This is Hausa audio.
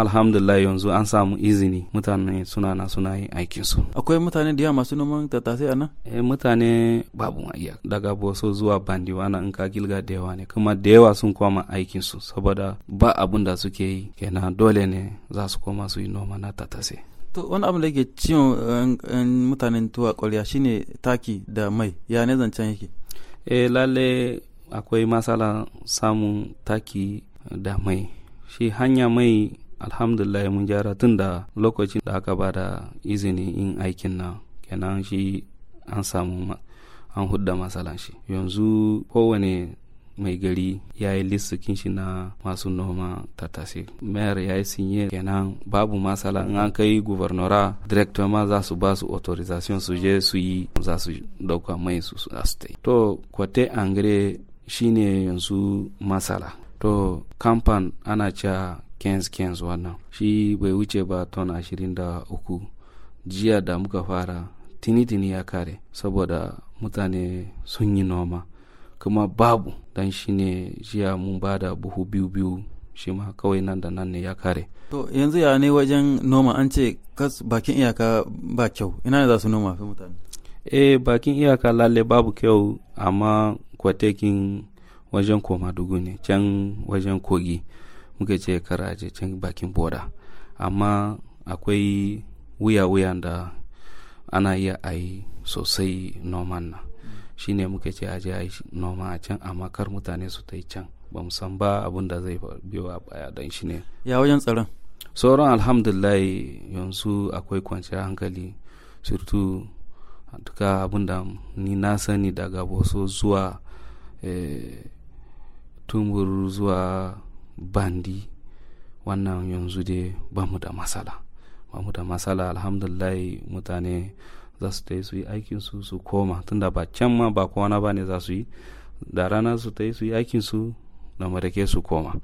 alhamdulillah yanzu an samu izini mutane suna na suna yin aikin su akwai mutane da yawa masu noman tattasai a nan eh mutane babu iya daga boso zuwa bandi na in ka gilga da yawa ne kuma da yawa sun koma aikin su saboda ba abun da suke yi kenan dole ne za su koma su yi noma na tattasai to wani abu da ke ciwon eh, eh, mutanen tuwa kwarya shine taki da mai ya ne zancen yake eh lalle akwai masala samun taki da mai shi hanya mai alhamdulillah mun gyara tun da lokacin da aka bada izini in aikin na. kenan shi an samu an hudda masala shi yanzu kowane mai gari ya yi lissukin shi na masu noma tattasai mayar ya yi sinye kenan babu masala. in an kai gubernora director ma za su ba su authorization su je su yi za su dauka mai su su to kwate angre shine yanzu masala. to kamfan ana cewa kens kens wannan shi bai wuce ba ton ashirin da uku jiya da muka fara tini-tini ya kare saboda mutane sun yi noma kuma babu dan shi ne jiya mun ba da buhu biyu-biyu shi ma kawai nan da nan ne ya kare to yanzu ya ne wajen noma an ce kas bakin iyaka ba kyau ina ne za su noma fi mutane eh bakin iyaka lalle babu kyau amma kwatekin wajen koma dugu ne can wajen kogi muka je kara je can bakin boda amma akwai wuya-wuya da ana iya a yi sosai noman na shi ne muka ce aje a yi noma a can amma kar mutane su ta yi can ba san ba abin da zai biyo a baya don shi ne ya wajen tsaron sauran alhamdulillah yanzu akwai kwanciyar hankali surtu duka abin da ni na sani daga boso zuwa eh, tumbur zuwa bandi wannan yanzu dai ba mu da matsala ba mu da matsala alhamdulillah mutane za su yi su yi aikin su su koma tunda ba can ma ba kowana ba ne za su yi da rana su ta yi su yi aikin su da su koma